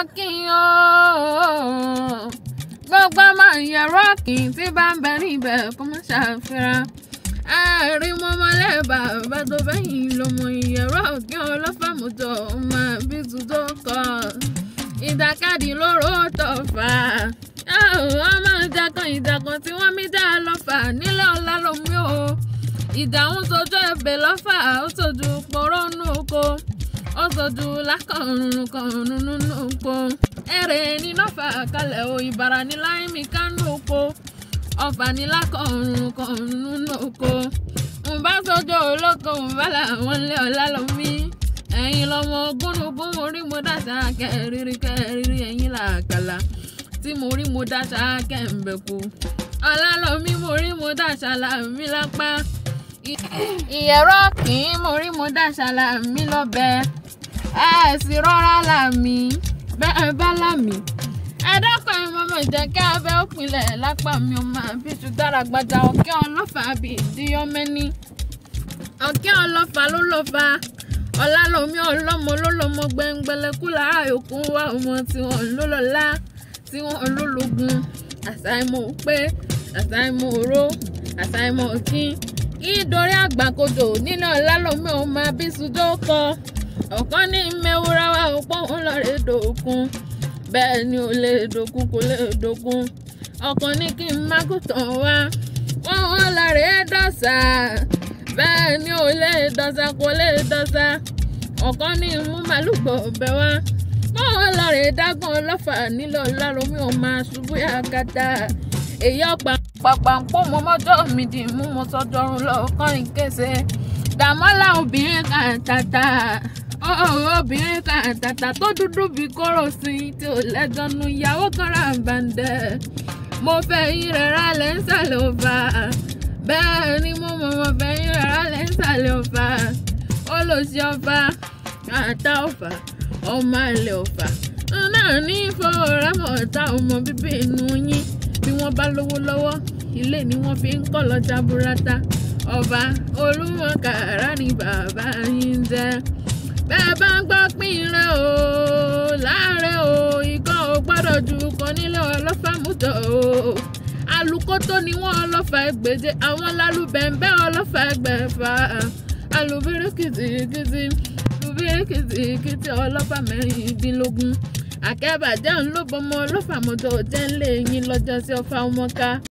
rọ́ọ̀kì ooo gbogbo ọmọ ìyẹn rọ́ọ̀kì tí bá ń bẹ níbẹ̀ kó má ṣàfihàn ààrin mọ́mọ́lẹ́ bàbá tó bẹ́yìn lọ́mọ ìyẹn rọ́ọ̀kì ọlọ́fàmùtọ̀ ọmọ bíi tuntun kọ́ ìdàkadì lóró tọ̀fà ọmọ ìdàkan ìdàkan tí wọ́n mí dá lọ́fà nílẹ̀ ọ̀la lómi o ìdáhùn tójú ẹ̀bẹ̀ lọ́fà ó tòjú pọ̀rọ́nù oko ológodu lákọ̀ọ́rùn kọ̀ọ̀rùn nùpọ̀ ẹ̀rẹ̀ nínáfà kalẹ̀ o ìbàrà ní láìmí kánú oko ọ̀fà ní lákọ̀ọ́rùn kọ̀ọ̀rùn nùpọ̀ ǹbá sójú olóko ǹbá làwọn ilé ọ̀la lọ mí ẹ̀yin lọ́mọ gúnugún mo rí mo dáṣà kẹ́rìírí kẹ́rìírí ẹ̀yin làkàlà tí mo rí mo dáṣà kẹ́ǹbẹ̀kù ọ̀la lọ mí mo rí mo dáṣà làmí lápá ìyẹ̀rọ kì í mo rí mo dáṣà làmí lọ́bẹ̀ẹ́ ẹ sì rọra là mí bẹ́ẹ̀ bá là mí. ẹ dákun ẹ mọ̀ mọ̀ jẹ́ kí abẹ́ òpinlẹ̀ lápá mi ò máa bí ju dáragbájá ọ̀kẹ́ ọlọ́fà bíi ìdíyọ́mẹ́ni. ọ̀kẹ́ ọlọ́fà ló lọ́fà ọ̀la lomi ọlọ́mọ ló lọ́mọ gbẹngbẹlẹ́kú lára yòókù wá ọmọ tiwọn ló lọ́lá tiwọn ló lógun àṣàìmọ̀ pé àṣàìmọ̀ òró àṣàìmọ̀ òkín kí dorí àgbàkodò nínú ọ̀la ọmọ abisu ọ̀kan ní mẹ́wúrà wa ọ̀pọ̀ ń lọ rè dògún bẹ́ẹ̀ ni ò lè dògún kò lè dògún ọ̀kan ní kí n má kú tàn wá wọ́n ń lọ rè dọ̀sà bẹ́ẹ̀ ni ò lè dọ̀sà kò lè dọ̀sà ọ̀kan ní mú màlúgbò bẹ́ wá wọ́n ń lọ rè dágbọ́n ọlọ́fà nílò láromi ò máa ṣubú yá kátà èyí ọ̀pá pàpàǹpọ̀ mọ́mọ́jọ́ mi dì mú mo sọ́jọ́rùn lọ́kàn ìkéṣe dàmọ́lá obìnrin kan tata. obìnrin tàǹtàtà tó dúdú bí kóró sí tí ò lẹ́jọ́nu ìyàwó kan ràǹbàǹdẹ̀ mo fẹ́ yín rẹ̀ra lẹ́ ń sàlẹ̀ ọba bẹ́ẹ̀ ni mo mọ̀ mo fẹ́ yín rẹ̀ra lẹ́ ń sàlẹ̀ ọba olóṣì ọba àtà ọ̀fà ọmọ ọ̀fà náà ní ìfowóramọ̀ta ọmọ bíbí inú yín bí wọ́n bá lówó lọ́wọ́ ilé ni wọ́n fi ń kọ́ lọ́jà búrata ọba ni bàbá yín jẹ́. bẹ́ẹ̀ bá ń gbọ́ pínrẹ́ o láàárẹ̀ o ikọ́ o gbọ́dọ̀ ju kan nílẹ̀ ọlọ́fà o alukoto ni wọ́n ọlọ́fà ẹgbẹ̀je àwọn lálùbẹ̀ǹbẹ̀ ọlọ́fà ẹgbẹ̀fà alùbírí kìtìkìtì alùbírí kìtìkìtì ọlọ́fà mẹ́rìndínlógún àkẹ́bàjẹ́ ńlọ́bọmọ ọlọ́fà mọ́tò jẹ́ ńlẹ̀ yín lọ́jọ́ sí ọfà ọmọká.